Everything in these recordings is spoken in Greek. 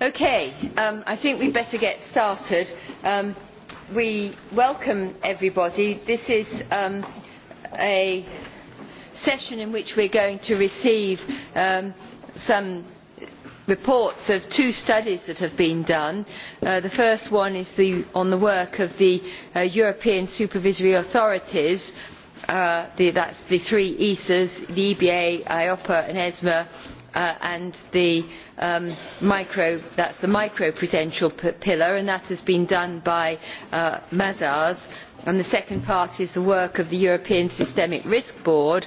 Okay, I think we better get started. We welcome everybody. This is a session in which we're going to receive some reports of two studies that have been done. The first one is on the work of the European supervisory authorities that's the three ESAs, the EBA, IOPA and ESMA, and the micro, the micro-prudential pillar, and that has been done by Mazars. And the second part is the work of the European Systemic Risk Board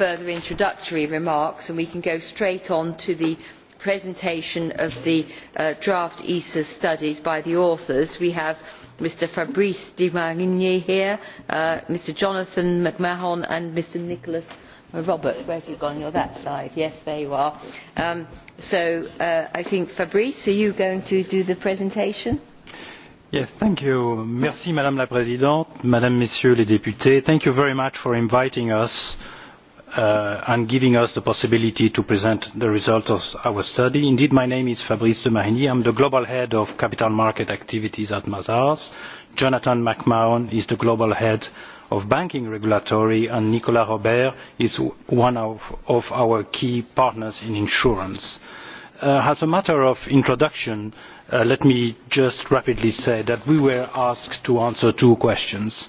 further introductory remarks and we can go straight on to the presentation of the draft ESA studies by the authors. We have Mr Fabrice de Marigny here, Mr Jonathan McMahon and Mr Nicholas Robert. Where have you gone? You're that side. Yes, there you are. So I think Fabrice, are you going to do the presentation? Yes, thank you. Merci, Madame la Présidente, Madame, Messieurs les députés. Thank you very much for inviting us and giving us the possibility to present the results of our study. Indeed, my name is Fabrice de Marigny. I'm the Global Head of Capital Market Activities at Mazars. Jonathan McMahon is the Global Head of Banking Regulatory, and Nicolas Robert is one of our key partners in insurance. As a matter of introduction, let me just rapidly say that we were asked to answer two questions.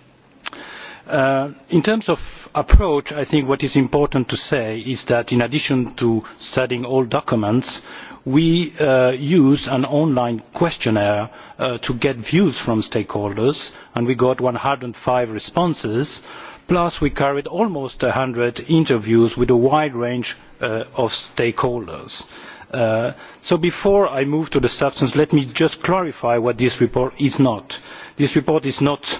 in terms of approach i think what is important to say is that in addition to studying all documents we use an online questionnaire to get views from stakeholders and we got 105 responses plus we carried almost 100 interviews with a wide range of stakeholders. so before i move to the substance let me just clarify what this report is not. this report is not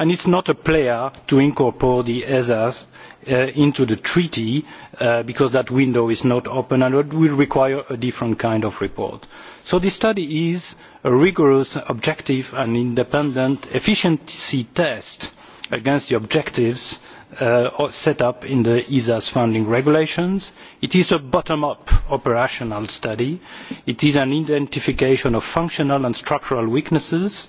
and is not a player to incorporate the ESAs into the treaty because that window is not open and it will require a different kind of report. So this study is a rigorous, objective and independent efficiency test against the objectives set up in the ESA's funding regulations. It is a bottom-up operational study. It is an identification of functional and structural weaknesses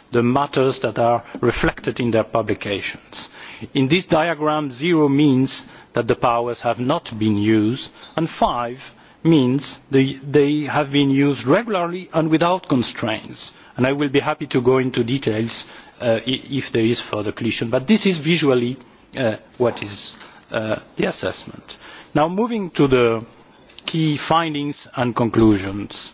the matters that are reflected in their publications. In this diagram, zero means that the powers have not been used, and five means they have been used regularly and without constraints. I will be happy to go into details if there is further collision. But this is visually what is the assessment. Now moving to the key findings and conclusions.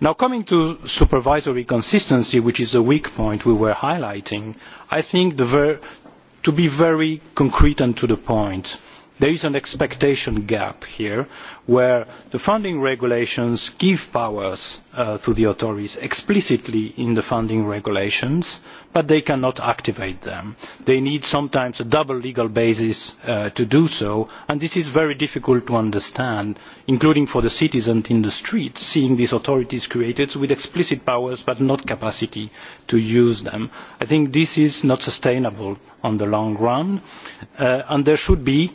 Now coming to supervisory consistency, which is the weak point we were highlighting, I think to be very concrete and to the point There is an expectation gap here where the funding regulations give powers to the authorities explicitly in the funding regulations, but they cannot activate them. They need sometimes a double legal basis to do so, and this is very difficult to understand, including for the citizens in the street seeing these authorities created with explicit powers but not capacity to use them. I think this is not sustainable on the long run, and there should be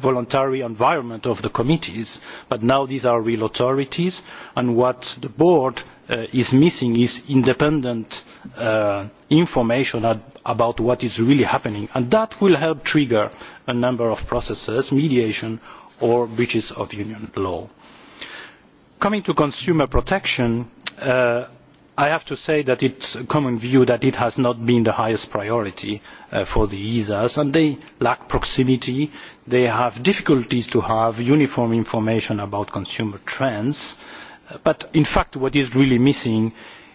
voluntary environment of the committees but now these are real authorities and what the board is missing is independent information about what is really happening and that will help trigger a number of processes mediation or breaches of union law. coming to consumer protection I have to say that it is a common view that it has not been the highest priority for the ESAs and they lack proximity, they have difficulties to have uniform information about consumer trends, but in fact what is really missing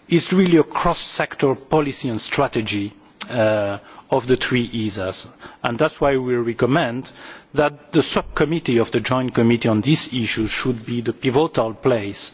is really a cross-sector policy and strategy of the three ESAs. And is why we recommend that the subcommittee of the Joint Committee on these issues should be the pivotal place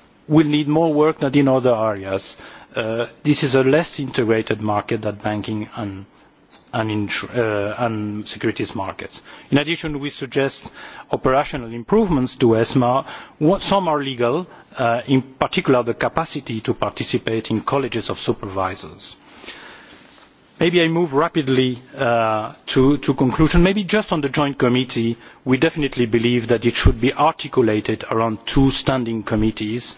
will need more work than in other areas. This is a less integrated market than banking and securities markets. In addition, we suggest operational improvements to ESMA. Some are legal, in particular the capacity to participate in colleges of supervisors. Maybe I move rapidly to conclusion. Maybe just on the joint committee, we definitely believe that it should be articulated around two standing committees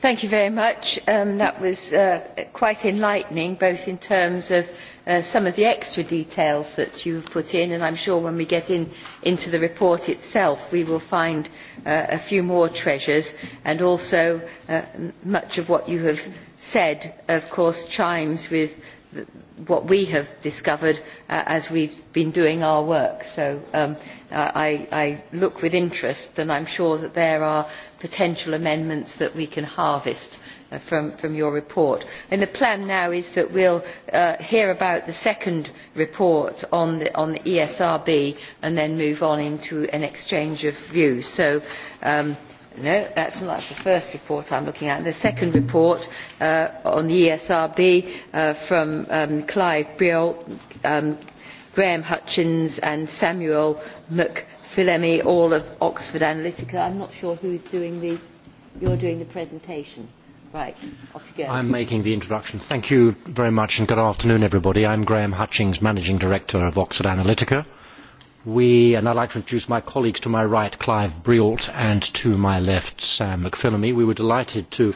Thank you very much. That was quite enlightening, both in terms of some of the extra details that you have put in, and I'm sure when we get into the report itself we will find a few more treasures, and also much of what you have said, of course, chimes with what we have discovered as we've been doing our work. So I look with interest and I'm sure that there are potential amendments that we can harvest from your report. the plan now is that we will hear about the second report on the esrb and then move on into an exchange of views. so no that is not the first report i am looking at. the second report on the esrb from clive breauth graham hutchins and samuel mc Philemi, all of Oxford Analytica. I'm not sure who's doing the, you're doing the presentation. Right, off you go. I'm making the introduction. Thank you very much and good afternoon everybody. I'm Graham Hutchings, Managing Director of Oxford Analytica. We, and I'd like to introduce my colleagues to my right, Clive Brialt, and to my left, Sam McPhillamy. We were delighted to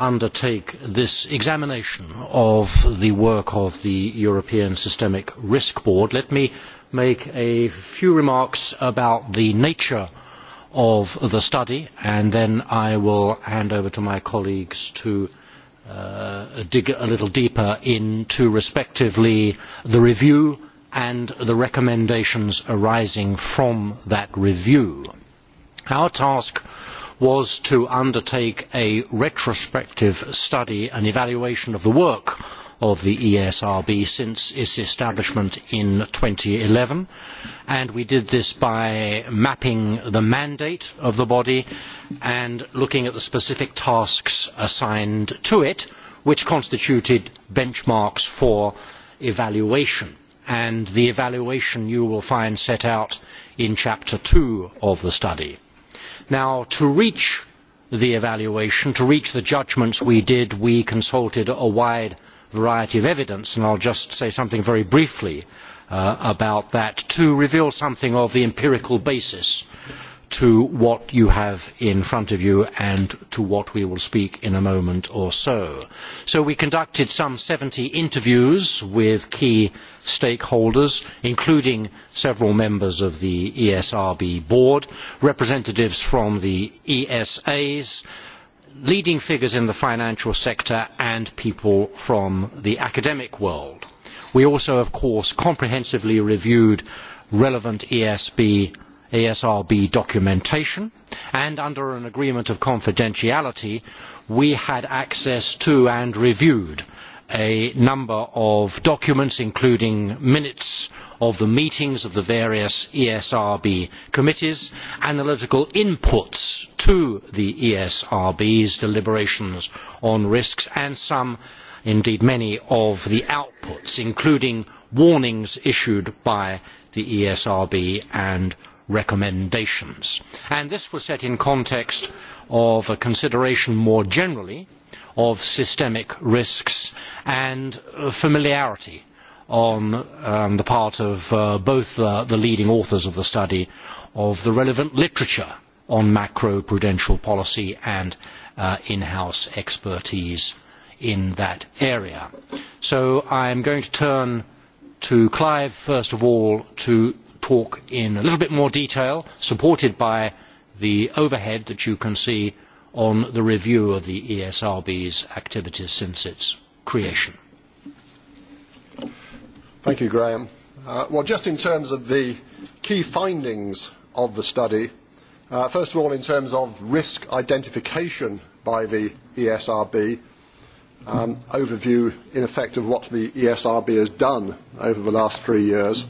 undertake this examination of the work of the European Systemic Risk Board. Let me make a few remarks about the nature of the study and then I will hand over to my colleagues to dig a little deeper into respectively the review and the recommendations arising from that review. Our task was to undertake a retrospective study, an evaluation of the work of the ESRB since its establishment in 2011 and we did this by mapping the mandate of the body and looking at the specific tasks assigned to it which constituted benchmarks for evaluation and the evaluation you will find set out in chapter 2 of the study. Now to reach the evaluation, to reach the judgments we did, we consulted a wide variety of evidence, and I'll just say something very briefly about that to reveal something of the empirical basis to what you have in front of you and to what we will speak in a moment or so. So we conducted some 70 interviews with key stakeholders, including several members of the ESRB board, representatives from the ESAs, leading figures in the financial sector and people from the academic world. We also, of course, comprehensively reviewed relevant ESRB documentation and under an agreement of confidentiality we had access to and reviewed a number of documents including minutes of the meetings of the various esrb committees analytical inputs to the esrb's deliberations on risks and some indeed many of the outputs including warnings issued by the esrb and recommendations. this was set in context of a consideration more generally of systemic risks and familiarity on the part of both the leading authors of the study of the relevant literature on macro prudential policy and in house expertise in that area. So I am going to turn to Clive first of all to talk in a little bit more detail, supported by the overhead that you can see on the review of the ESRB's activities since its creation. Thank you, Graham. Well, just in terms of the key findings of the study, first of all, in terms of risk identification by the ESRB, overview, in effect, of what the ESRB has done over the last three years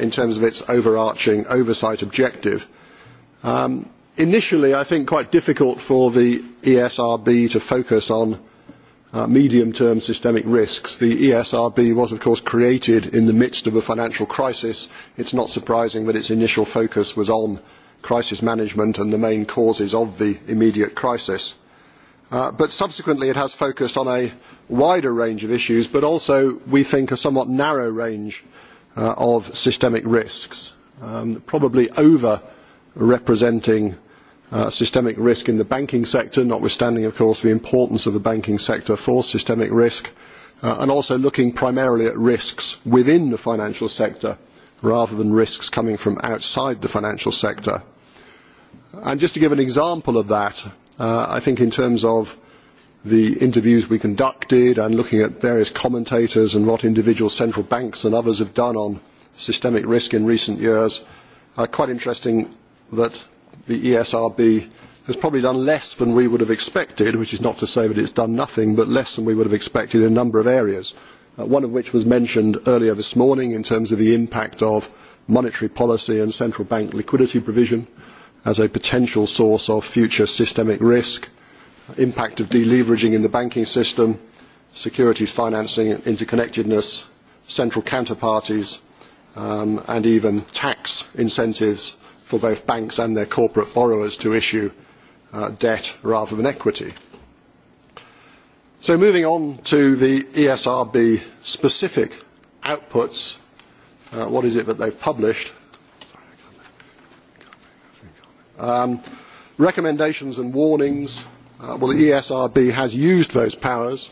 in terms of its overarching oversight objective initially i think quite difficult for the esrb to focus on medium term systemic risks. the esrb was of course created in the midst of a financial crisis. It's not surprising that its initial focus was on crisis management and the main causes of the immediate crisis. but subsequently it has focused on a wider range of issues but also we think a somewhat narrow range of systemic risks probably over representing systemic risk in the banking sector, notwithstanding, of course, the importance of the banking sector for systemic risk, and also looking primarily at risks within the financial sector rather than risks coming from outside the financial sector. And just to give an example of that, I think in terms of the interviews we conducted and looking at various commentators and what individual central banks and others have done on systemic risk in recent years, quite interesting that the ESRB has probably done less than we would have expected, which is not to say that it has done nothing, but less than we would have expected in a number of areas, one of which was mentioned earlier this morning in terms of the impact of monetary policy and central bank liquidity provision as a potential source of future systemic risk, impact of deleveraging in the banking system, securities financing interconnectedness, central counterparties, and even tax incentives for both banks and their corporate borrowers to issue debt rather than equity. So moving on to the ESRB specific outputs, what is it that they've published? Recommendations and warnings. Well, the ESRB has used those powers,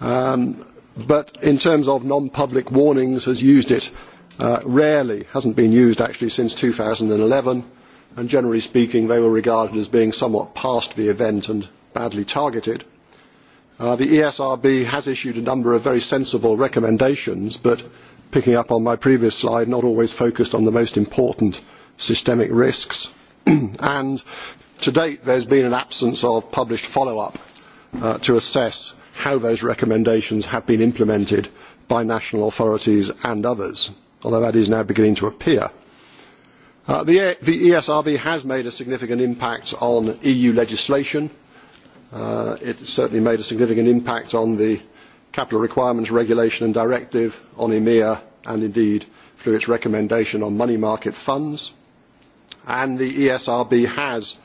but in terms of non-public warnings has used it rarely, hasn't been used actually since 2011, and generally speaking they were regarded as being somewhat past the event and badly targeted. The ESRB has issued a number of very sensible recommendations, but picking up on my previous slide, not always focused on the most important systemic risks. And to date there has been an absence of published follow-up to assess how those recommendations have been implemented by national authorities and others although that is now beginning to appear. The ESRB has made a significant impact on EU legislation. It certainly made a significant impact on the Capital Requirements Regulation and Directive, on EMEA and indeed through its recommendation on money market funds. And the ESRB has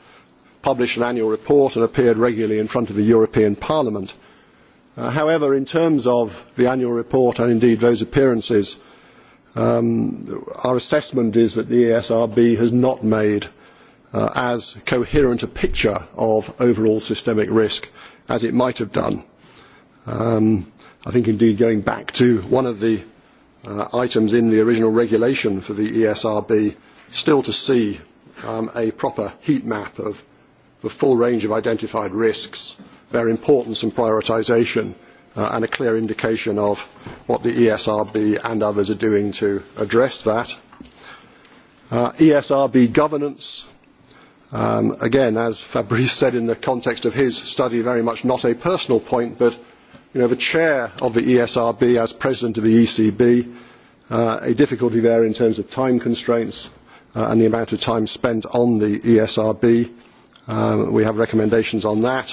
published an annual report and appeared regularly in front of the European Parliament. However, in terms of the annual report and indeed those appearances, Our assessment is that the ESRB has not made as coherent a picture of overall systemic risk as it might have done. I think indeed going back to one of the items in the original regulation for the ESRB, still to see a proper heat map of the full range of identified risks, their importance and prioritisation and a clear indication of what the ESRB and others are doing to address that. ESRB governance, again, as Fabrice said in the context of his study, very much not a personal point, but the chair of the ESRB as president of the ECB, a difficulty there in terms of time constraints and the amount of time spent on the ESRB. We have recommendations on that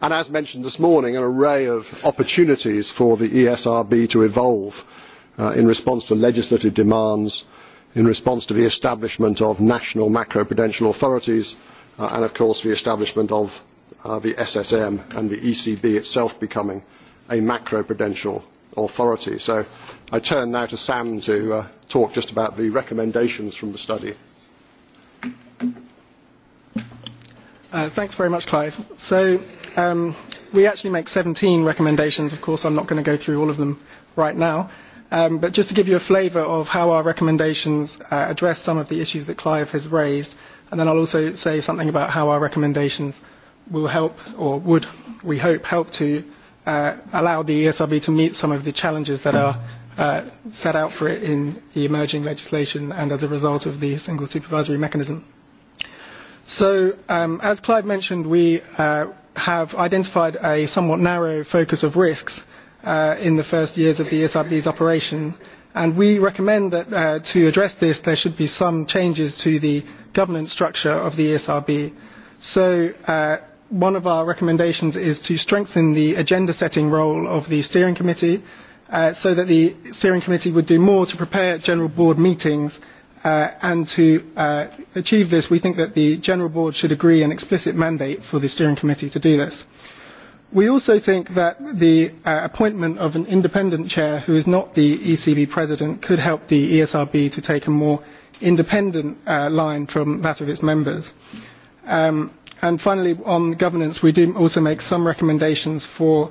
and as mentioned this morning an array of opportunities for the esrb to evolve in response to legislative demands in response to the establishment of national macroprudential authorities and of course the establishment of the ssm and the ecb itself becoming a macroprudential authority. so i turn now to sam to talk just about the recommendations from the study. thanks very much clive. We actually make 17 recommendations. Of course, I'm not going to go through all of them right now. But just to give you a flavour of how our recommendations address some of the issues that Clive has raised, and then I'll also say something about how our recommendations will help, or would, we hope, help to allow the ESRB to meet some of the challenges that are set out for it in the emerging legislation and as a result of the single supervisory mechanism. So, as Clive mentioned, we have identified a somewhat narrow focus of risks in the first years of the ESRB's operation, and we recommend that to address this there should be some changes to the governance structure of the ESRB. So one of our recommendations is to strengthen the agenda setting role of the steering committee so that the steering committee would do more to prepare general board meetings and to achieve this we think that the general board should agree an explicit mandate for the steering committee to do this. we also think that the appointment of an independent chair who is not the ecb president could help the esrb to take a more independent line from that of its members. and finally on governance we do also make some recommendations for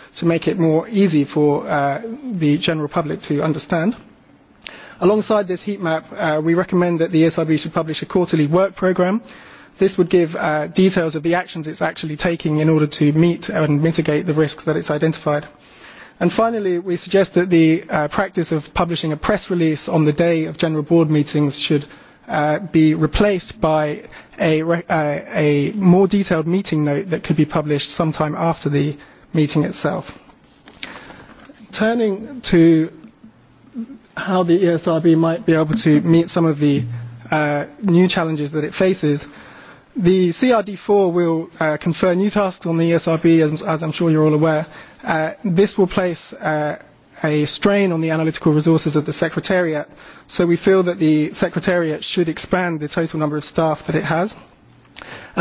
to make it more easy for the general public to understand. Alongside this heat map, we recommend that the ESRB should publish a quarterly work programme. This would give details of the actions it's actually taking in order to meet and mitigate the risks that it's identified. And finally, we suggest that the practice of publishing a press release on the day of general board meetings should be replaced by a more detailed meeting note that could be published sometime after the meeting itself. Turning to how the ESRB might be able to meet some of the new challenges that it faces, the CRD4 will confer new tasks on the ESRB, as I'm sure you're all aware. This will place a strain on the analytical resources of the Secretariat, so we feel that the Secretariat should expand the total number of staff that it has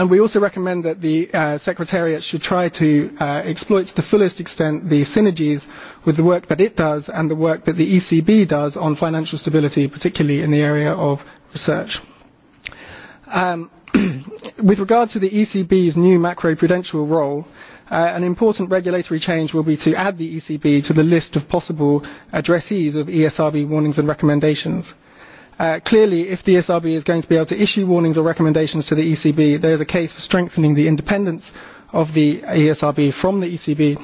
we also recommend that the secretariat should try to exploit to the fullest extent the synergies with the work that it does and the work that the ecb does on financial stability particularly in the area of research with regard to the ecb's new macroprudential role an important regulatory change will be to add the ecb to the list of possible addressees of esrb warnings and recommendations Clearly, if the ESRB is going to be able to issue warnings or recommendations to the ECB, there is a case for strengthening the independence of the ESRB from the ECB.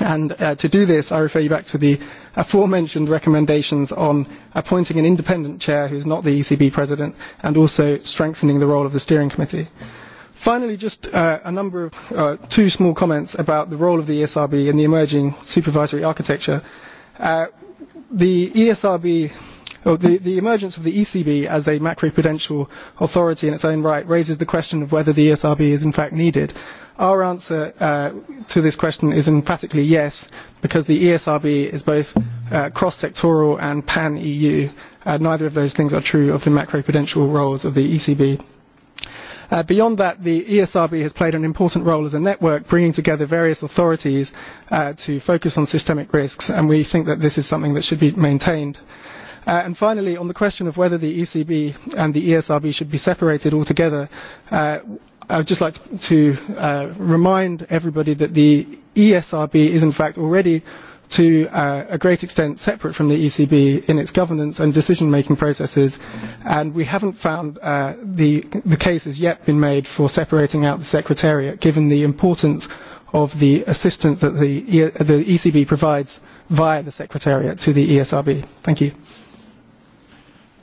And to do this, I refer you back to the aforementioned recommendations on appointing an independent chair who is not the ECB president and also strengthening the role of the steering committee. Finally, just a number of two small comments about the role of the ESRB in the emerging supervisory architecture. The ESRB The emergence of the ECB as a macroprudential authority in its own right raises the question of whether the ESRB is in fact needed. Our answer to this question is emphatically yes, because the ESRB is both cross-sectoral and pan-EU. Neither of those things are true of the macroprudential roles of the ECB. Beyond that, the ESRB has played an important role as a network, bringing together various authorities to focus on systemic risks, and we think that this is something that should be maintained. And finally, on the question of whether the ECB and the ESRB should be separated altogether, I would just like to remind everybody that the ESRB is in fact already to a great extent separate from the ECB in its governance and decision-making processes, and we haven't found the case has yet been made for separating out the Secretariat, given the importance of the assistance that the ECB provides via the Secretariat to the ESRB. Thank you.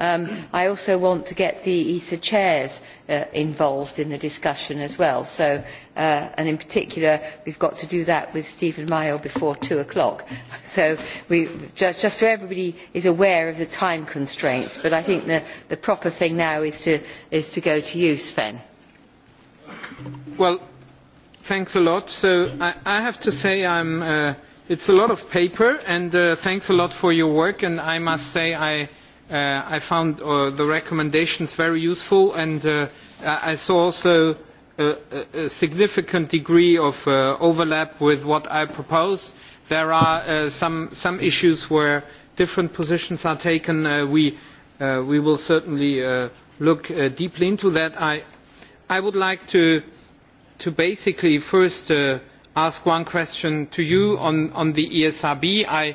I also want to get the ESA chairs involved in the discussion as well. and in particular, we've got to do that with Stephen Meyer before two o'clock. So, just so everybody is aware of the time constraints. But I think the proper thing now is to go to you, Sven. Well, thanks a lot. So, I have to say I'm. It's a lot of paper, and thanks a lot for your work. And I must say I I found the recommendations very useful and I saw also a significant degree of overlap with what I propose. There are some issues where different positions are taken. We will certainly look deeply into that. I would like to basically first ask one question to you on the ESRB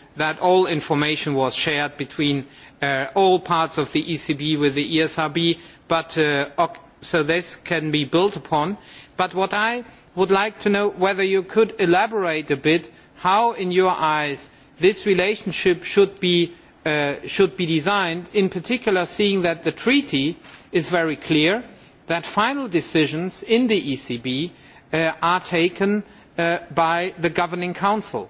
that all information was shared between all parts of the ECB with the ESRB, so this can be built upon. But what I would like to know whether you could elaborate a bit how, in your eyes, this relationship should be designed, in particular seeing that the Treaty is very clear that final decisions in the ECB are taken by the Governing Council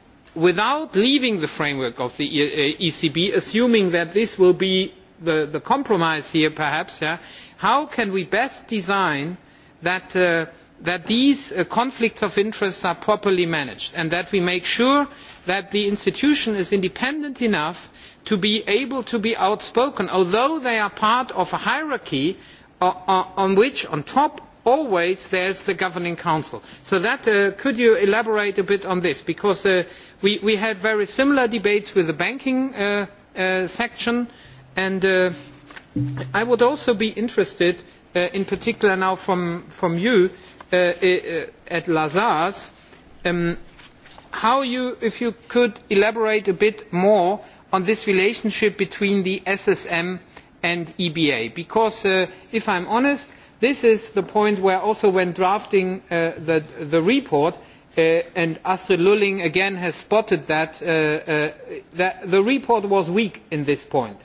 without leaving the framework of the ecb assuming that this will be the compromise here perhaps how can we best design that these conflicts of interest are properly managed and that we make sure that the institution is independent enough to be able to be outspoken although they are part of a hierarchy on which on top always there is the governing council. so could you elaborate a bit on this because we had very similar debates with the banking section and i would also be interested in particular now from you at lazars how you if you could elaborate a bit more on this relationship between the ssm and eba because if i am honest this is the point where also when drafting the report and astrid lulling again has spotted that the report was weak in this point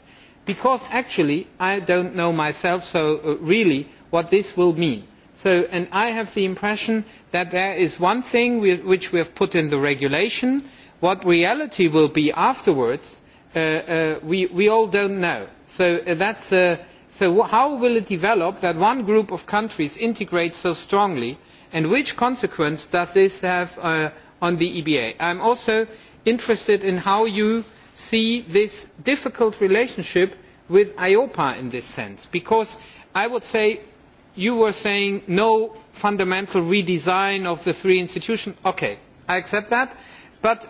because actually i don't know myself so really what this will mean and i have the impression that there is one thing which we have put in the regulation what reality will be afterwards we all don't know. so that so how will it develop that one group of countries integrates so strongly and which consequence does this have on the eba? i am also interested in how you see this difficult relationship with IOPA in this sense because i would say you were saying no fundamental redesign of the three institutions. okay i accept that but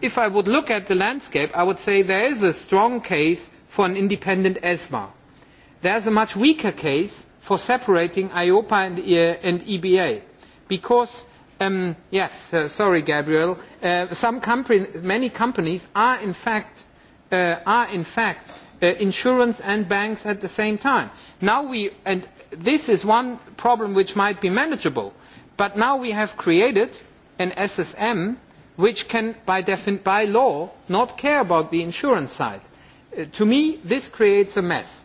if i would look at the landscape i would say there is a strong case for an independent esma there is a much weaker case for separating IOPA and EBA because, yes, sorry, Gabriel, many companies are in fact insurance and banks at the same time. This is one problem which might be manageable, but now we have created an SSM which can, by law, not care about the insurance side. To me, this creates a mess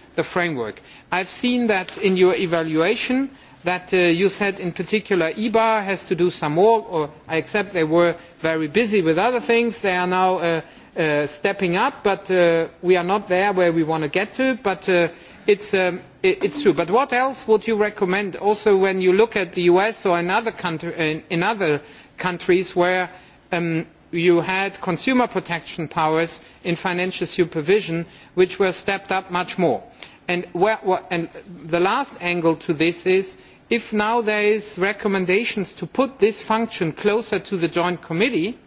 the framework. i have seen that in your evaluation that you said in particular eba has to do some more or i accept they were very busy with other things they are now stepping up but we are not there where we want to get to but it's true. but what else would you recommend also when you look at the us or in other countries where you had consumer protection powers in financial supervision which were stepped up much more. the last angle to this is if now there are recommendations to put this function closer to the joint committee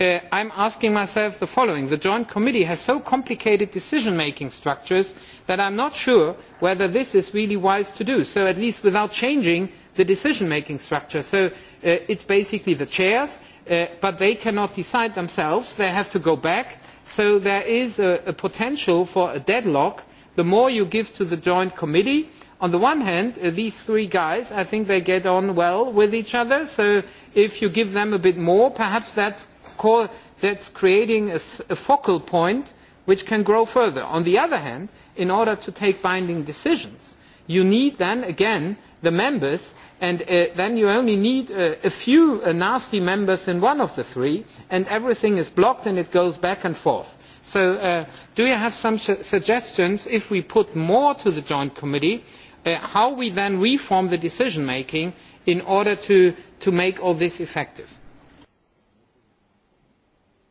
i am asking myself the following the joint committee has so complicated decision making structures that i am not sure whether this is really wise to do so at least without changing the decision making structure. so it is basically the chairs but they cannot decide themselves they have to go back so there is a potential for a deadlock the more you give to the joint committee. on the one hand these three guys i think they get on well with each other so if you give them a bit more perhaps that is creating a focal point which can grow further. on the other hand in order to take binding decisions you need then again the members and then you only need a few nasty members in one of the three and everything is blocked and it goes back and forth. so do you have some suggestions if we put more to the joint committee how we then reform the decision making in order to make all this effective?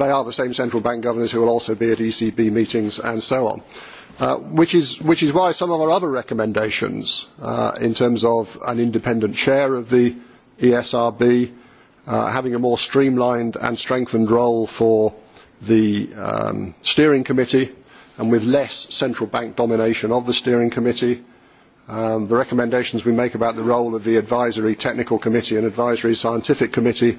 they are the same central bank governors who will also be at ECB meetings and so on. Which is why some of our other recommendations in terms of an independent chair of the ESRB, having a more streamlined and strengthened role for the steering committee and with less central bank domination of the steering committee, the recommendations we make about the role of the advisory technical committee and advisory scientific committee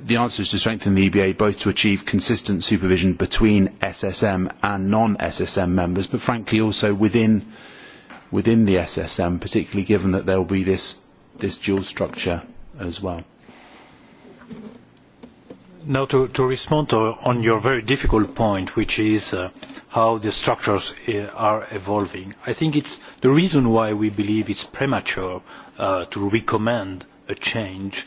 the answer is to strengthen the EBA both to achieve consistent supervision between SSM and non-SSM members, but frankly also within within the SSM, particularly given that there will be this this dual structure as well. Now to respond on your very difficult point, which is how the structures are evolving. I think it's the reason why we believe it's premature to recommend a change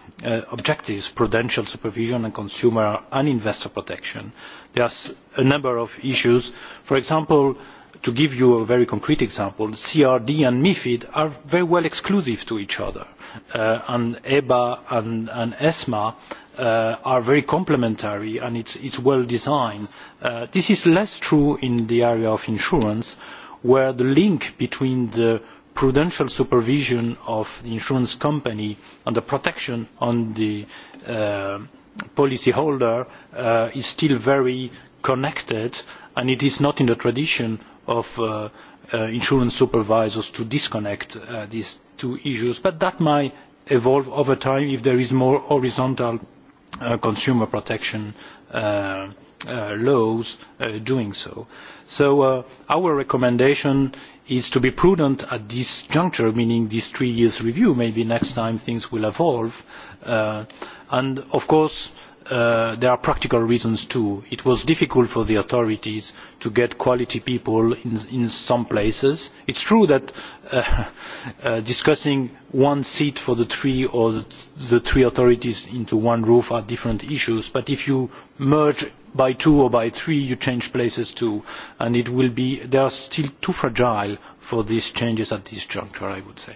objectives prudential supervision and consumer and investor protection. there are a number of issues for example to give you a very concrete example crd and mifid are very well exclusive to each other and eba and esma are very complementary and it is well designed. this is less true in the area of insurance where the link between the prudential supervision of the insurance company and the protection on the policyholder is still very connected and it is not in the tradition of insurance supervisors to disconnect these two issues. But that might evolve over time if there is more horizontal consumer protection laws doing so. So our recommendation is to be prudent at this juncture, meaning this three years review. Maybe next time things will evolve. And of course there are practical reasons too. It was difficult for the authorities to get quality people in some places. It's true that discussing one seat for the three or the three authorities into one roof are different issues, but if you merge by two or by three, you change places too, and They are still too fragile for these changes at this juncture, I would say.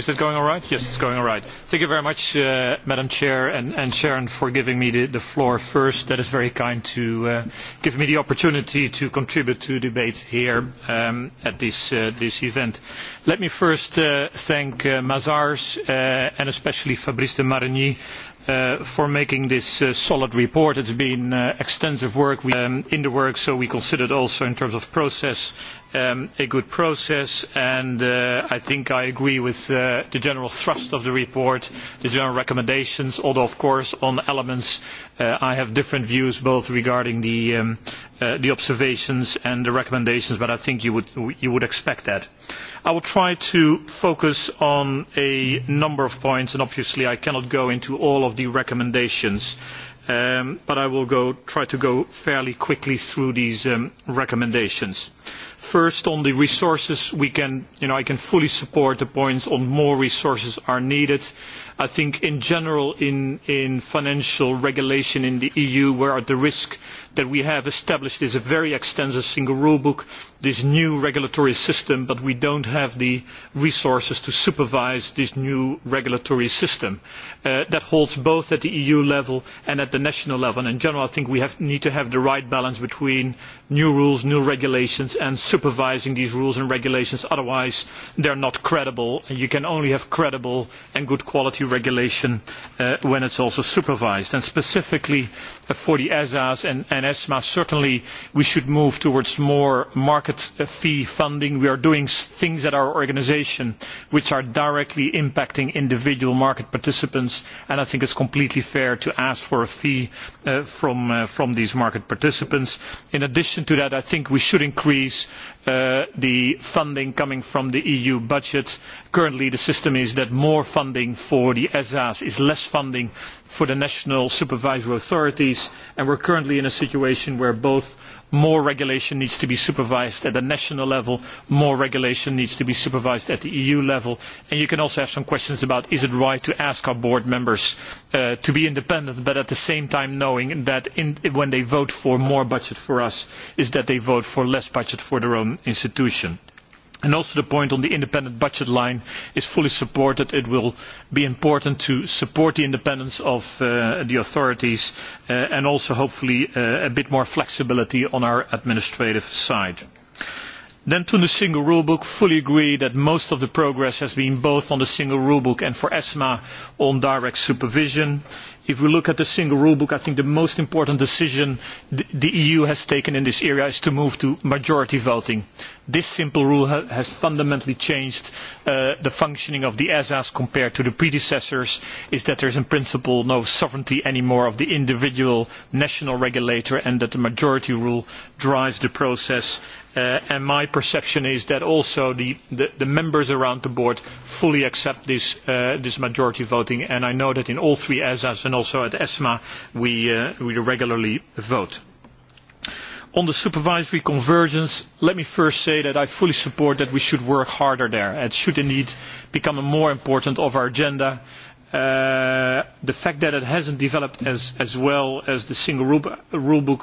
Is it going all right? Yes, it's going all right. Thank you very much, Madam Chair and and Sharon, for giving me the floor first. That is very kind to give me the opportunity to contribute to debates here at this this event. Let me first thank Mazars and especially Fabrice de Marigny for making this solid report. It's been extensive work in the work, so we considered also in terms of process a good process and I think I agree with the general thrust of the report, the general recommendations, although of course on elements I have different views both regarding the observations and the recommendations, but I think you would expect that. I will try to focus on a number of points and obviously I cannot go into all of the recommendations but I will try to go fairly quickly through these recommendations. First, on the resources, I can fully support the points on more resources are needed I think in general in financial regulation in the EU we are at the risk that we have established this very extensive single rule book, this new regulatory system, but we don't have the resources to supervise this new regulatory system. That holds both at the EU level and at the national level. In general, I think we need to have the right balance between new rules, new regulations and supervising these rules and regulations, otherwise they are not credible and you can only have credible and good quality regulation when it's also supervised. And specifically for the ESAs and ESMA, certainly we should move towards more market fee funding. We are doing things at our organisation which are directly impacting individual market participants, and I think it's completely fair to ask for a fee from these market participants. In addition to that, I think we should increase the funding coming from the EU budget. Currently, the system is that more funding for the ESAs is less funding for the national supervisory authorities, and we are currently in a situation where both more regulation needs to be supervised at the national level, and more regulation needs to be supervised at the EU level, you can also have some questions about whether it is right to ask our board members to be independent, but at the same time knowing that when they vote for more budget for us, is that they vote for less budget for their own institution. And also the point on the independent budget line is fully supported. It will be important to support the independence of the authorities and also hopefully a bit more flexibility on our administrative side. Then to the single rule book, fully agree that most of the progress has been both on the single rule book and for ESMA on direct supervision if we look at the single rule book, I think the most important decision the EU has taken in this area is to move to majority voting. This simple rule has fundamentally changed the functioning of the ESAs compared to the predecessors, is that there is in principle no sovereignty anymore of the individual national regulator and that the majority rule drives the process and my perception is that also the members around the board fully accept this majority voting and I know that in all three ESAs also at ESMA we regularly vote. On the supervisory convergence, let me first say that I fully support that we should work harder there. It should indeed become more important of our agenda. The fact that it hasn't developed as well as the single rule book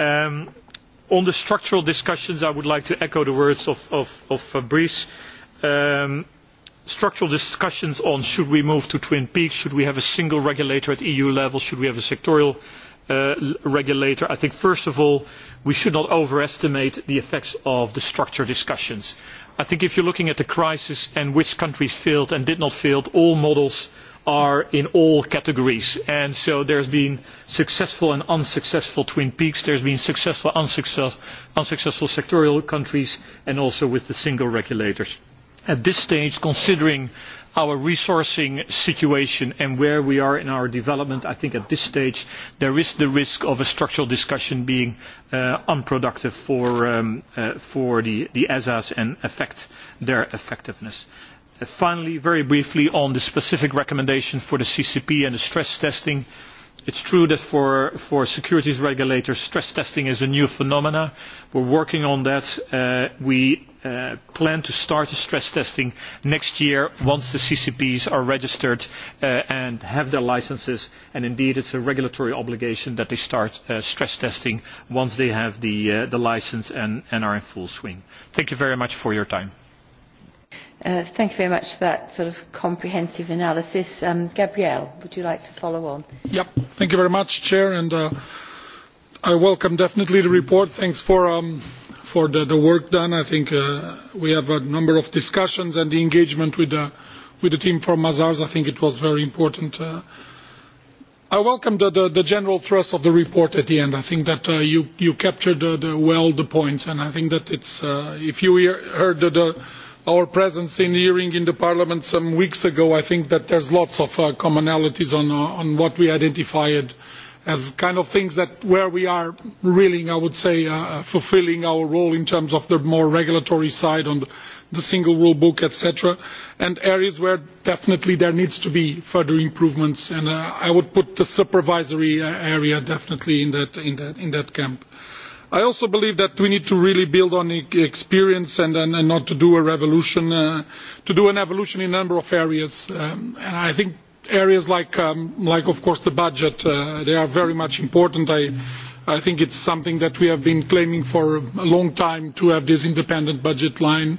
On the structural discussions, I would like to echo the words of Fabrice. Structural discussions on should we move to Twin Peaks, should we have a single regulator at EU level, should we have a sectoral regulator. I think, first of all, we should not overestimate the effects of the structural discussions. I think if you are looking at the crisis and which countries failed and did not fail, all models are in all categories. And so there's been successful and unsuccessful Twin Peaks, there's been successful and unsuccessful sectorial countries, and also with the single regulators. At this stage, considering our resourcing situation and where we are in our development, I think at this stage there is the risk of a structural discussion being unproductive for the ESAs and affect their effectiveness. Finally, very briefly on the specific recommendation for the CCP and the stress testing. It's true that for securities regulators, stress testing is a new phenomenon. We're working on that. We plan to start the stress testing next year once the CCPs are registered and have their licences. And indeed, it's a regulatory obligation that they start stress testing once they have the licence and are in full swing. Thank you very much for your time. Thank you very much for that sort of comprehensive analysis. Gabrielle, would you like to follow on? Yep. Thank you very much, Chair, and I welcome definitely the report. Thanks for for the work done. I think we have a number of discussions and the engagement with the with the team from Mazars. I think it was very important. I welcome the the general thrust of the report at the end. I think that you captured well the points, and I think that it's if you heard the our presence in the hearing in the parliament some weeks ago i think that there are lots of commonalities on what we identified as kind of things that where we are really i would say fulfilling our role in terms of the more regulatory side on the single rule book etc and areas where definitely there needs to be further improvements and i would put the supervisory area definitely in that camp. I also believe that we need to really build on experience and not to do a revolution, to do an evolution in a number of areas. And I think areas like, of course, the budget, they are very much important. I think it's something that we have been claiming for a long time to have this independent budget line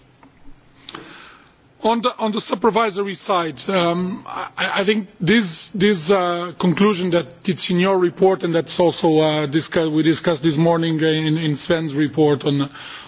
On the supervisory side, I think this conclusion that it's in your report and that's also we discussed this morning in Sven's report on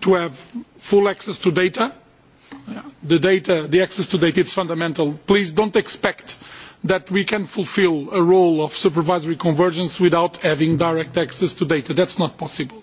to have full access to data. The data, the access to data is fundamental. Please don't expect that we can fulfil a role of supervisory convergence without having direct access to data. That's not possible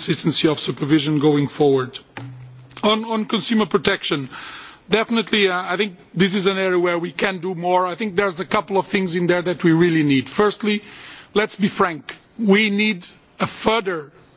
consistency of supervision going forward. On consumer protection, definitely I think this is an area where we can do more. I think there are a couple of things in there that we really need. Firstly, let's be frank, we need a further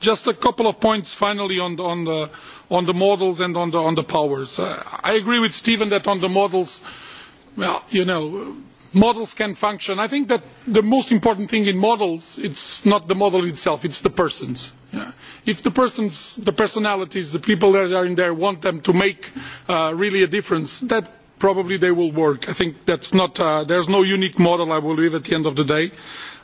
Just a couple of points finally on the models and on the powers. I agree with Stephen that on the models, well, you know, models can function. I think that the most important thing in models, it's not the model itself, it's the persons. If the persons, the personalities, the people that are in there want them to make really a difference, that probably they will work. I think that's not, there's no unique model, I will leave at the end of the day.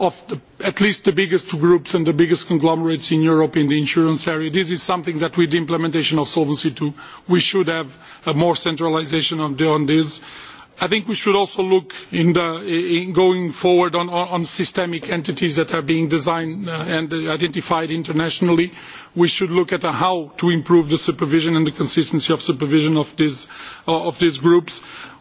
of at least the biggest two groups and the biggest conglomerates in Europe in the insurance area. This is something that with the implementation of Solvency II we should have more centralisation on this. I think we should also look in going forward on systemic entities that are being designed and identified internationally. We should look at how to improve the supervision and the consistency of supervision of these groups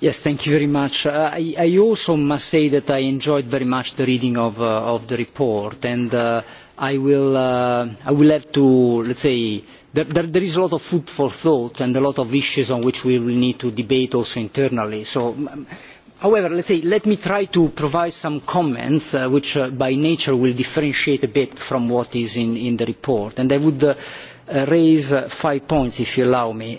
Yes, thank you very much. I also must say that I enjoyed very much the reading of the report, and I will have to, let's say, there is a lot of food for thought and a lot of issues on which we will need to debate also internally. So, however, let's say, let me try to provide some comments which, by nature, will differentiate a bit from what is in the report, and I would raise five points, if you allow me.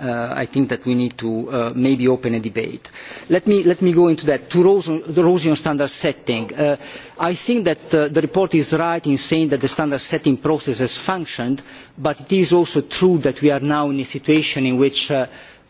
I think that we need to maybe open a debate. Let me go into that. To the erosion standard setting, I think that the report is right in saying that the standard setting process has functioned, but it is also true that we are now in a situation in which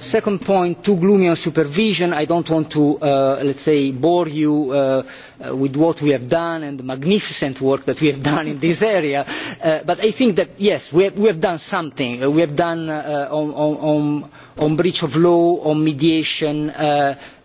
Second point, too gloomy on supervision. I don't want to, let's say, bore you with what we have done and the magnificent work that we have done in this area. But I think that, yes, we have done something. We have done on breach of law, on mediation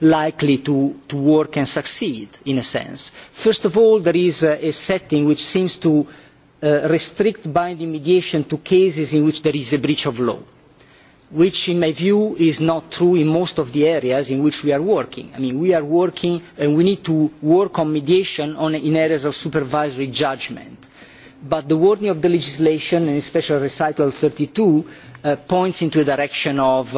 likely to work and succeed in a sense. First of all, there is a setting which seems to restrict binding mediation to cases in which there is a breach of law, which in my view is not true in most of the areas in which we are working. I mean, we are working and we need to work on mediation in areas of supervisory judgment. But the wording of the legislation, and especially recital 32, points into the direction of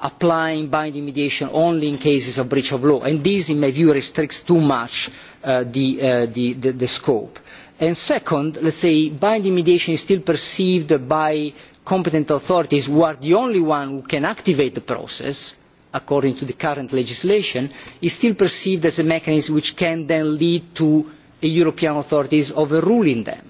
applying binding mediation only in cases of breach of law and this in my view restricts too much the scope. and second let's say binding mediation is still perceived by competent authorities who are the only ones who can activate the process according to the current legislation is still perceived as a mechanism which can then lead to european authorities overruling them.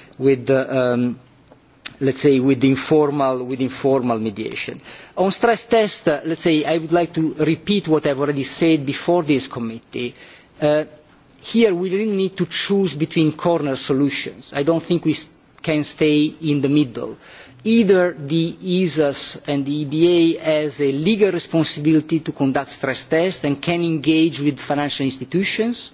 with let's say with informal with informal mediation on stress tests, let's say i would like to repeat what i've already said before this committee here we really need to choose between corner solutions i don't think we can stay in the middle either the esas and the eba has a legal responsibility to conduct stress tests and can engage with financial institutions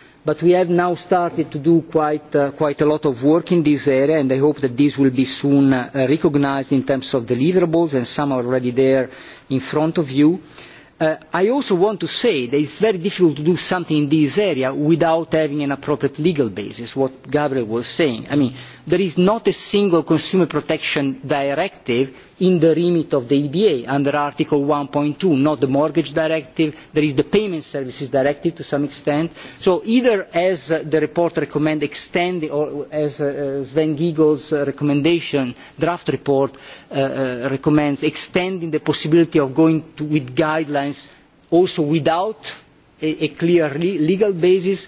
but we have now started to do quite a lot of work in this area and i hope that this will be soon recognised in terms of deliverables and some are already there in front of you. i also want to say that it is very difficult to do something in this area without having an appropriate legal basis what gabriel was saying there is not a single consumer protection directive in the remit of the eba under article 1.2 not the mortgage directive there is the payment services directive to some extent so either as the report recommends extend or as sven giegold's recommendation draft report recommends extending the possibility of going with guidelines also without a clear legal basis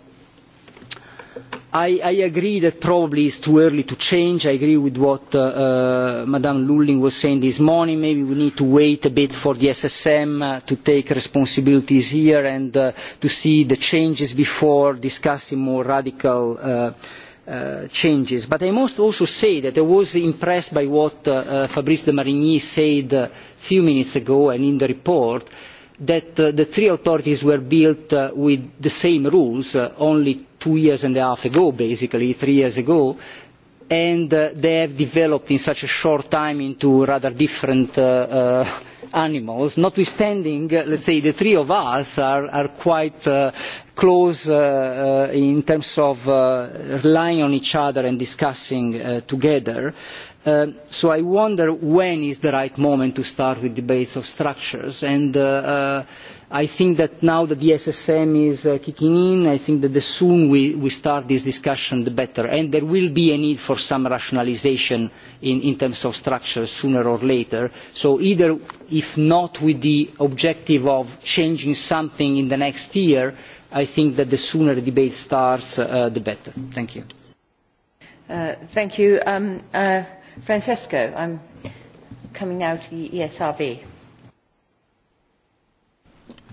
I agree that probably it's too early to change. I agree with what Madame Lulling was saying this morning. Maybe we need to wait a bit for the SSM to take responsibilities here and to see the changes before discussing more radical changes. But I must also say that I was impressed by what Fabrice de Marigny said a few minutes ago and in the report, that the three authorities were built with the same rules, only two years and a half ago basically three years ago and they have developed in such a short time into rather different animals notwithstanding let's say the three of us are quite close in terms of relying on each other and discussing together so i wonder when is the right moment to start with debates of structures and I think that now that the SSM is kicking in, I think that the sooner we start this discussion, the better. And there will be a need for some rationalisation in terms of structure sooner or later. So either, if not with the objective of changing something in the next year, I think that the sooner the debate starts, the better. Thank you. Thank you. Francesco, I'm coming now to the ESRB.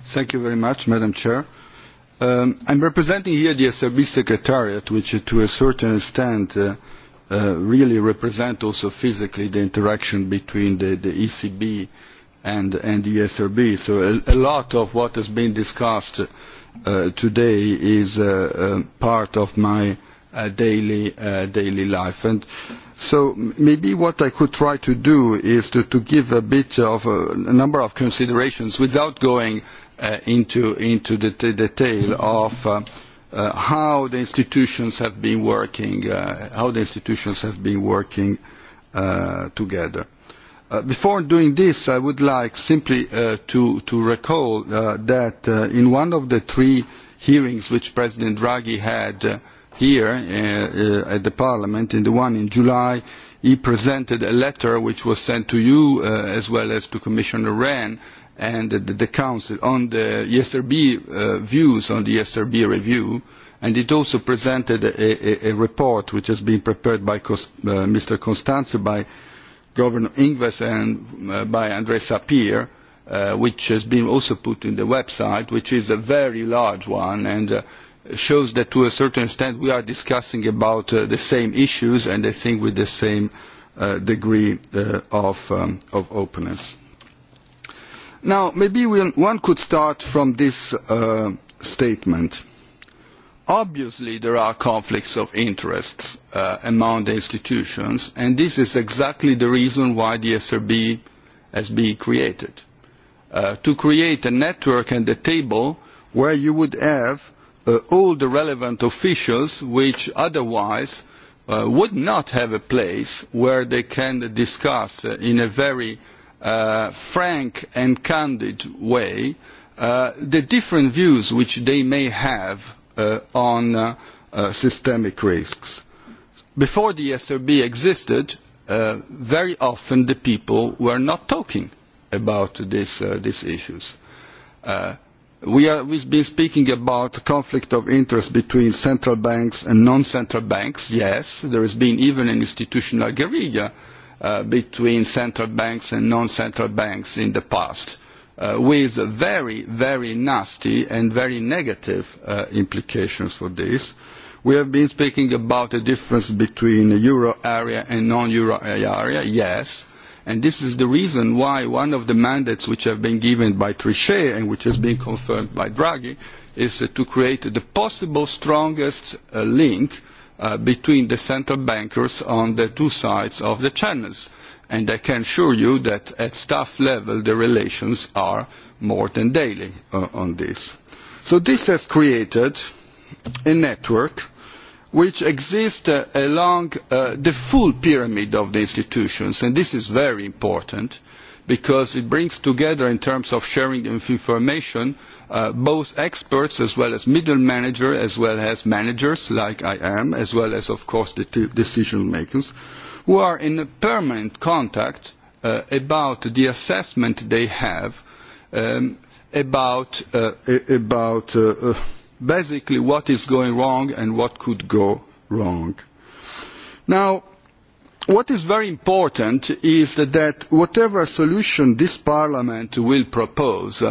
Thank you very much, Madam Chair. I'm representing here the SRB Secretariat, which to a certain extent really represents also physically the interaction between the ECB and the SRB. So a lot of what has been discussed today is part of my daily daily life. And so maybe what I could try to do is to give a bit of a number of considerations without going into into the detail of how the institutions have been working, how the institutions have been working together. Before doing this, I would like simply to recall that in one of the three hearings which President Draghi had here at the Parliament, in the one in July, he presented a letter which was sent to you as well as to Commissioner Rehn and the Council on the ESRB views on the ESRB review, and it also presented a report which has been prepared by Mr. Constanze, by Governor Ingves and by André Sapir, which has been also put in the website, which is a very large one and shows that to a certain extent we are discussing about the same issues and I think with the same degree of openness. Now, maybe one could start from this statement. Obviously, there are conflicts of interest among the institutions, and this is exactly the reason why the SRB has been created. To create a network and a table where you would have all the relevant officials which otherwise would not have a place where they can discuss in a very frank and candid way the different views which they may have on systemic risks. Before the SRB existed, very often the people were not talking about these issues. We have been speaking about conflict of interest between central banks and non-central banks. Yes, there has been even an institutional guerrilla between central banks and non-central banks in the past, with very, very nasty and very negative implications for this. We have been speaking about the difference between euro area and non-euro area, yes, and this is the reason why one of the mandates which have been given by Trichet and which has been confirmed by Draghi is to create the possible strongest link between the central bankers on the two sides of the channels. And I can assure you that at staff level the relations are more than daily on this. So this has created a network which exists along the full pyramid of the institutions. And this is very important because it brings together in terms of sharing of information both experts as well as middle managers, as well as managers like I am, as well as of course the decision makers, who are in permanent contact about the assessment they have about basically what is going wrong and what could go wrong. Now What is very important is that whatever solution this Parliament will propose,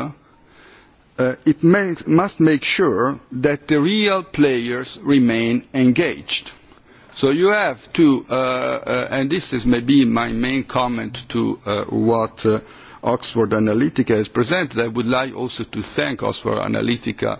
it must make sure that the real players remain engaged. So you have to, and this is maybe my main comment to what Oxford Analytica has presented. I would like also to thank Oxford Analytica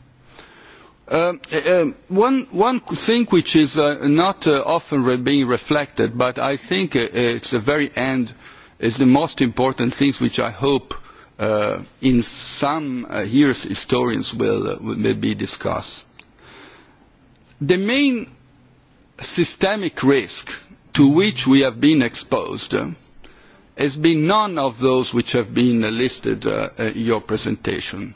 One thing which is not often being reflected, but I think it's the very end, is the most important thing which I hope in some years historians will maybe discuss. The main systemic risk to which we have been exposed has been none of those which have been listed in your presentation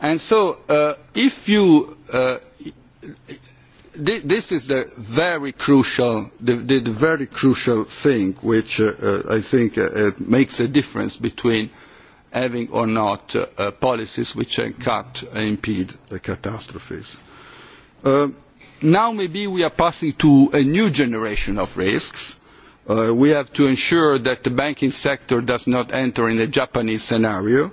And so if you this is the very crucial the very crucial thing which I think makes a difference between having or not policies which can cut and impede the catastrophes. Now maybe we are passing to a new generation of risks. We have to ensure that the banking sector does not enter in a Japanese scenario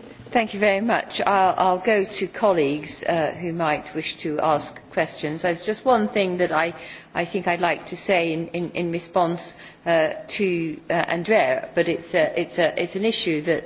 Thank you very much. I'll go to colleagues who might wish to ask questions. There is just one thing that I think I would like to say in response to Andrea, but it's an issue that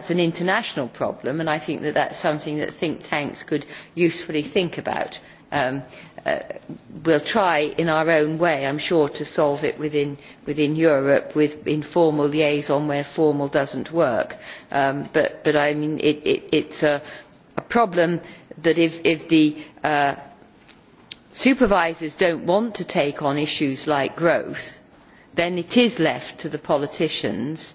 is an international problem, and I think that that's something that think tanks could usefully think about. We'll try in our own way, I'm sure, to solve it within Europe with informal liaison where formal doesn't work. But I mean, it's a problem that if the supervisors don't want to take on issues like growth, then it is left to the politicians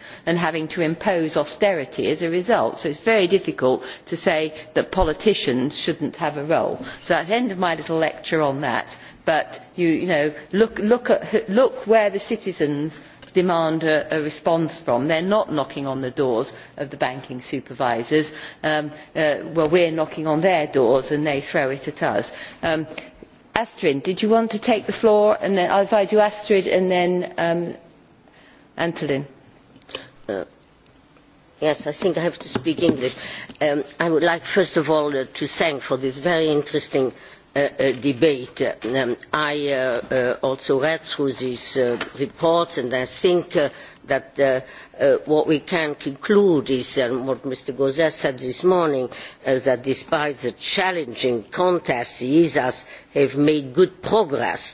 and having to impose austerity as a result. So it is very difficult to say that politicians should not have a role. So that is the end of my little lecture on that. But look where the citizens demand a response from. They are not knocking on the doors of the banking supervisors. Well, we are knocking on their doors and they throw it at us. Astrid, did you want to take the floor? And then I'll invite you, Astrid, and then Antolin. Yes, I think I have to speak English. I would like first of all to thank for this very interesting debate. I also read through these reports and I think that what we can conclude is what Mr Gauzès said this morning that despite the challenging contests, the ESAs have made good progress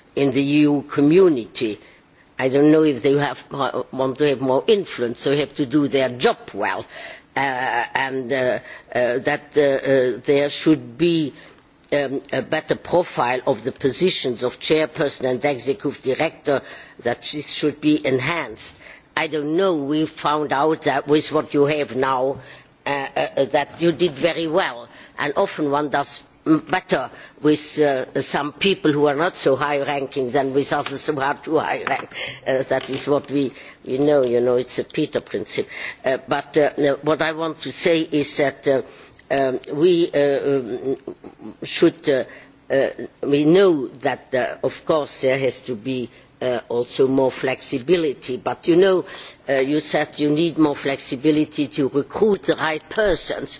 in the EU community. I don't know if they want to have more influence, so they have to do their job well, and that there should be a better profile of the positions of chairperson and executive director, that this should be enhanced. I don't know, we found out that with what you have now, that you did very well, and often one does better with some people who are not so high ranking than with others who are too high ranked. That is what we know, you know, it's a Peter principle. But what I want to say is that we should, we know that of course there has to be also more flexibility, but you know, you said you need more flexibility to recruit the right persons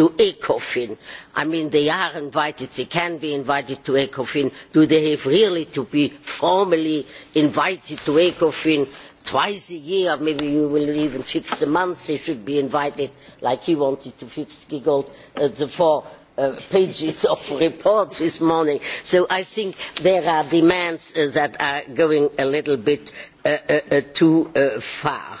to ecofin. i mean they are invited they can be invited to ecofin. do they have really to be formally invited to ecofin twice a year? maybe you will even fix the months they should be invited like he wanted to fix giggled the four pages of reports this morning. so i think there are demands that are going a little bit too far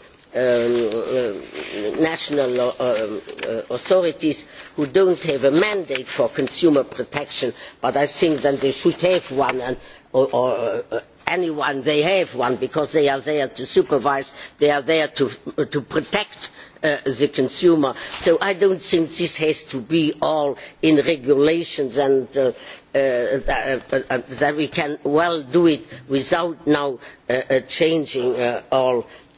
national authorities who don't have a mandate for consumer protection but i think that they should have one or anyone they have one because they are there to supervise they are there to protect the consumer so i don't think this has to be all in regulations and that we can well do it without now changing all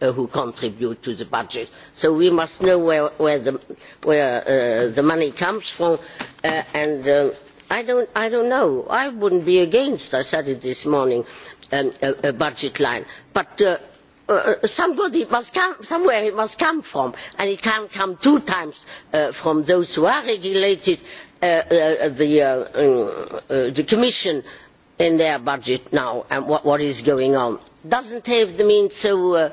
who contribute to the budget. So we must know where the money comes from and I don't know. I wouldn't be against, I said it this morning, a budget line. But somebody must somewhere it must come from and it can come two times from those who are regulated, the Commission in their budget now and what is going on. Doesn't have the means so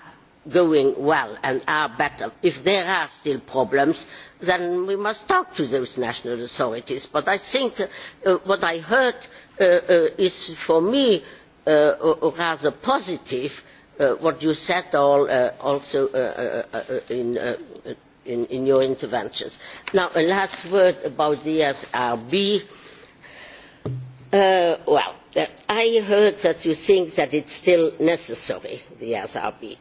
going well and are better. If there are still problems, then we must talk to those national authorities. But I think what I heard is for me rather positive, what you said also in your interventions. Now, a last word about the SRB. Well, I heard that you think that it's still necessary, the SRB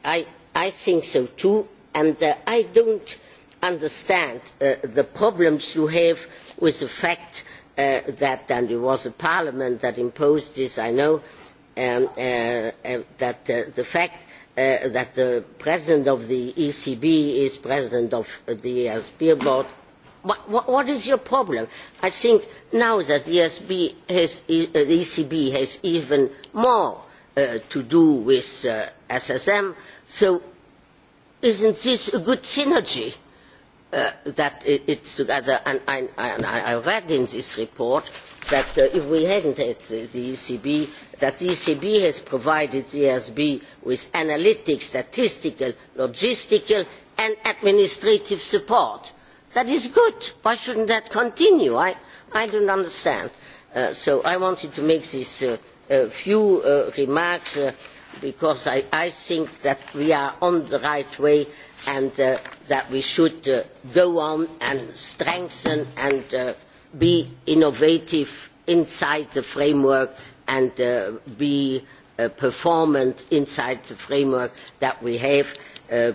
i think so too and i do not understand the problems you have with the fact that and it was parliament that imposed this i know that the fact that the president of the ecb is president of the esb board what is your problem? i think now that the ecb has even more to do with SSM. So isn't this a good synergy that it's together? And I read in this report that if we hadn't had the ECB, that the ECB has provided the ESB with analytic, statistical, logistical and administrative support. That is good. Why shouldn't that continue? I don't understand. So I wanted to make this A few remarks because I think that we are on the right way and that we should go on and strengthen and be innovative inside the framework and be performant inside the framework that we have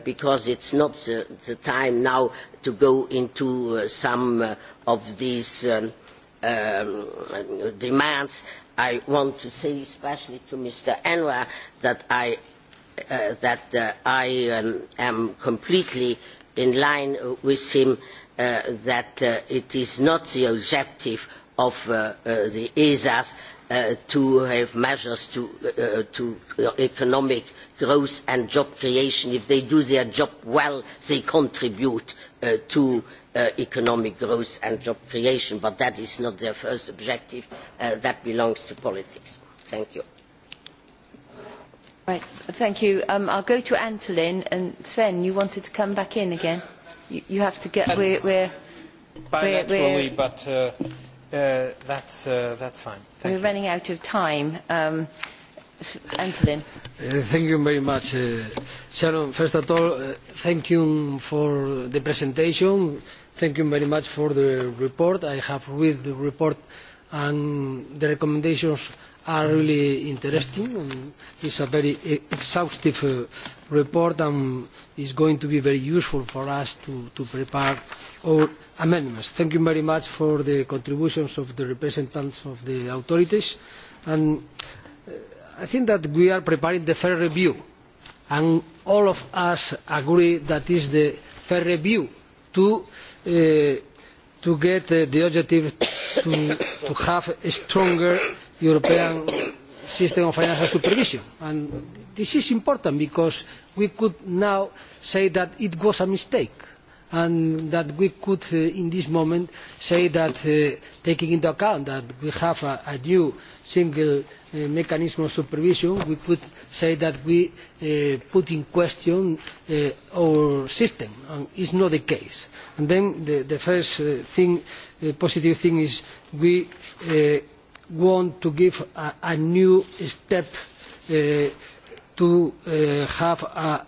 because it is not the time now to go into some of these demands I want to say especially to Mr. Anwar that I am completely in line with him that it is not the objective of the ESAs to have measures to economic growth and job creation. If they do their job well, they contribute to economic growth and job creation, but that is not their first objective. That belongs to politics. Thank you. Right, thank you. I'll go to Antolin and Sven. You wanted to come back in again. You have to get. We're bilaterally, but that's that's fine. We're running out of time. Antolin. Thank you very much, Sharon. First of all, thank you for the presentation Thank you very much for the report. I have read the report and the recommendations are really interesting. is a very exhaustive report and is going to be very useful for us to prepare our amendments. Thank you very much for the contributions of the representatives of the authorities. And I think that we are preparing the fair review and all of us agree that is the fair review to to get the objective to have a stronger European system of financial supervision. this is important because we could now say that it was a mistake and that we could in this moment say that taking into account that we have a new single mechanism of supervision we could say that we put in question our system and it is not the case. then the first thing, positive thing is we want to give a new step to have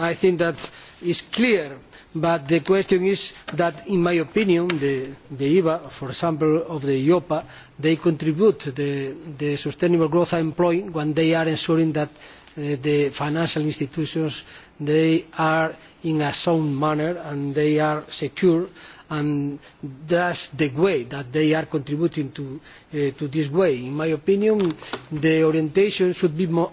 I think that is clear, but the question is that, in my opinion, the IVA, for example, of the EIOPA, they contribute to the sustainable growth and employment when they are ensuring that the financial institutions they are in a sound manner and they are secure and that's the way that they are contributing to this way. In my opinion, the orientation should be more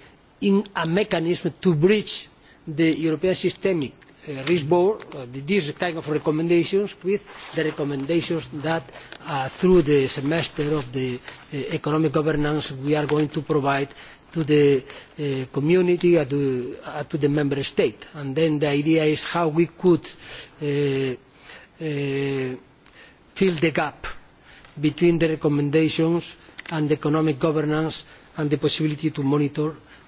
in a mechanism to bridge the European Systemic Risk Board, these kind of recommendations, with the recommendations that through the semester of the economic governance we are going to provide to the community and to the member state. And then the idea is how we could fill the gap between the recommendations and economic governance and the possibility to monitor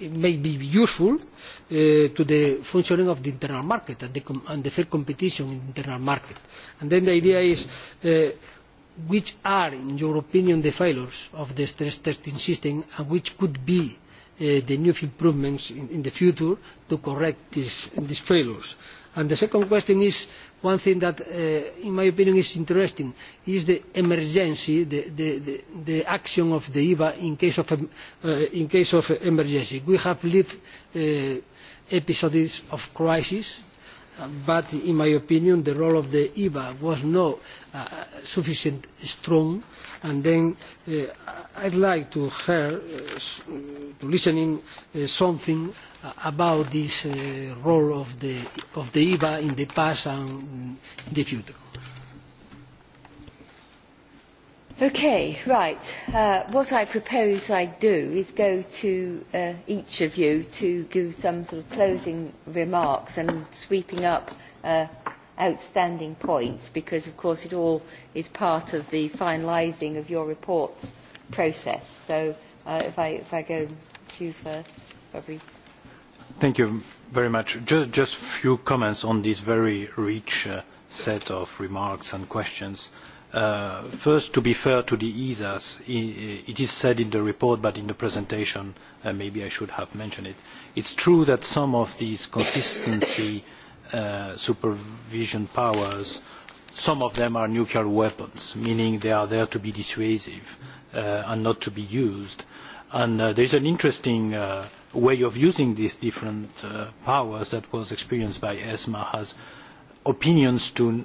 may be useful to the functioning of the internal market and the fair competition in the internal market. And then the idea is which are, in your opinion, the failures of the stress testing system and which could be the new improvements in the future to correct these failures the second question is one thing that, in my opinion, is interesting, is the emergency, the action of the EBA in case of emergency. We have lived episodes of crisis but in my opinion the role of the EBA was not sufficiently strong and then I'd like to hear to listening something about this role of the IVA in the past and in the future. Okay, right. What I propose I do is go to each of you to give some sort of closing remarks and sweeping up outstanding points, because of course it all is part of the finalising of your reports process. So if I if I go to you first, Fabrice. Thank you very much. Just a few comments on this very rich set of remarks and questions First, to be fair to the ESAs, it is said in the report, but in the presentation, maybe I should have mentioned it. It's true that some of these consistency supervision powers, some of them are nuclear weapons, meaning they are there to be dissuasive and not to be used. And there is an interesting way of using these different powers that was experienced by ESMA, has opinions to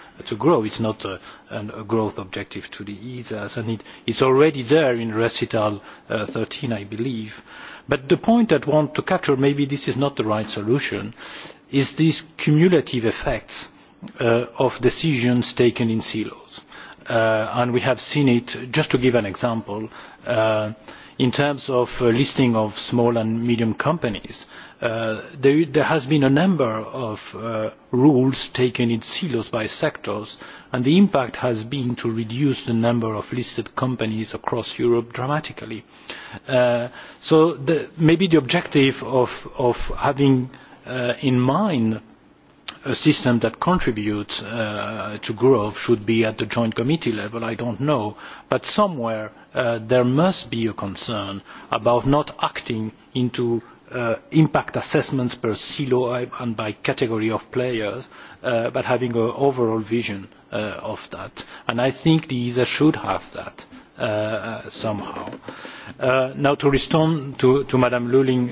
to grow. It's not a growth objective to the ESAs, and it's already there in Recital 13, I believe. But the point I want to capture, maybe this is not the right solution, is these cumulative effects of decisions taken in silos. And we have seen it, just to give an example, in terms of listing of small and medium companies there has been a number of rules taken in silos by sectors and the impact has been to reduce the number of listed companies across europe dramatically. so maybe the objective of having in mind a system that contributes to growth should be at the joint committee level i don't know but somewhere there must be a concern about not acting into impact assessments per silo and by category of players but having an overall vision of that and i think the esa should have that somehow. now to respond to ms lulling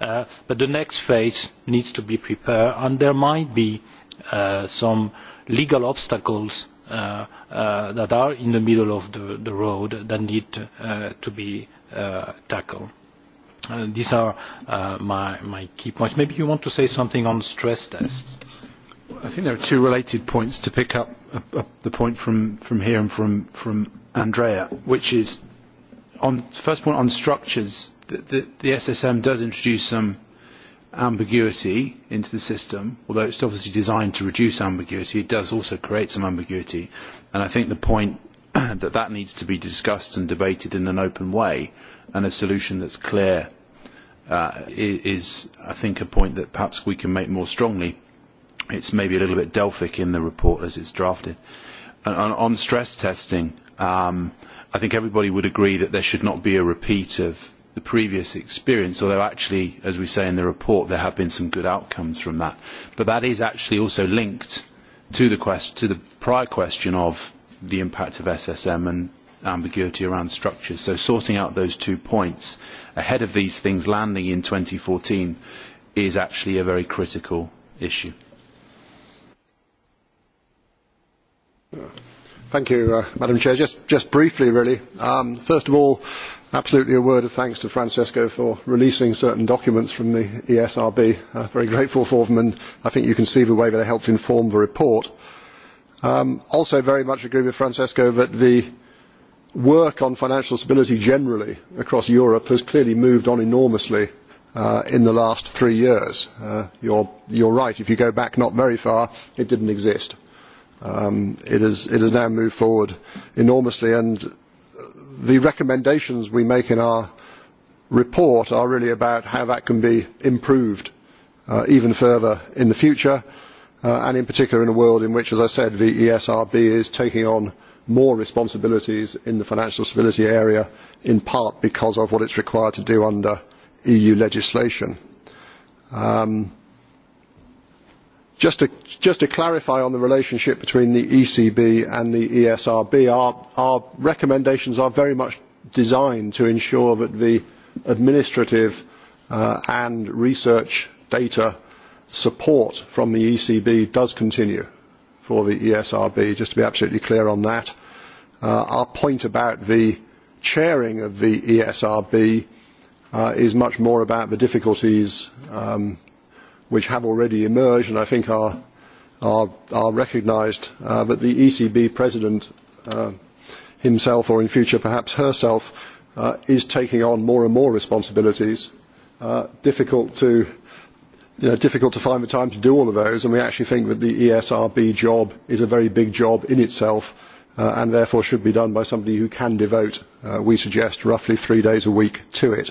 but the next phase needs to be prepared and there might be some legal obstacles that are in the middle of the road that need to be tackled. These are my key points. Maybe you want to say something on stress tests. I think there are two related points to pick up the point from here and from Andrea, which is first point on structures, the SSM does introduce some ambiguity into the system, although it's obviously designed to reduce ambiguity, it does also create some ambiguity. And I think the point that that needs to be discussed and debated in an open way and a solution that's clear is, I think, a point that perhaps we can make more strongly. It's maybe a little bit Delphic in the report as it's drafted. On stress testing, I think everybody would agree that there should not be a repeat of the previous experience, although actually, as we say in the report, there have been some good outcomes from that. But that is actually also linked to the prior question of the impact of SSM and ambiguity around structures. So sorting out those two points ahead of these things landing in 2014 is actually a very critical issue. madam president just briefly really first of all absolutely a word of thanks to francesco for releasing certain documents from the esrb very grateful for them and i think you can see the way they helped inform the report. I also very much agree with francesco that the work on financial stability generally across europe has clearly moved on enormously in the last three years. you are right if you go back not very far it did not exist It has now moved forward enormously, and the recommendations we make in our report are really about how that can be improved even further in the future, and in particular in a world in which, as I said, the ESRB is taking on more responsibilities in the financial stability area, in part because of what it's required to do under EU legislation. Um Just to clarify on the relationship between the ECB and the ESRB, our recommendations are very much designed to ensure that the administrative and research data support from the ECB does continue for the ESRB, just to be absolutely clear on that. Our point about the chairing of the ESRB is much more about the difficulties which have already emerged and I think are are recognised, that the ECB president himself or in future perhaps herself is taking on more and more responsibilities. Difficult to difficult to find the time to do all of those, and we actually think that the ESRB job is a very big job in itself and therefore should be done by somebody who can devote, we suggest, roughly three days a week to it.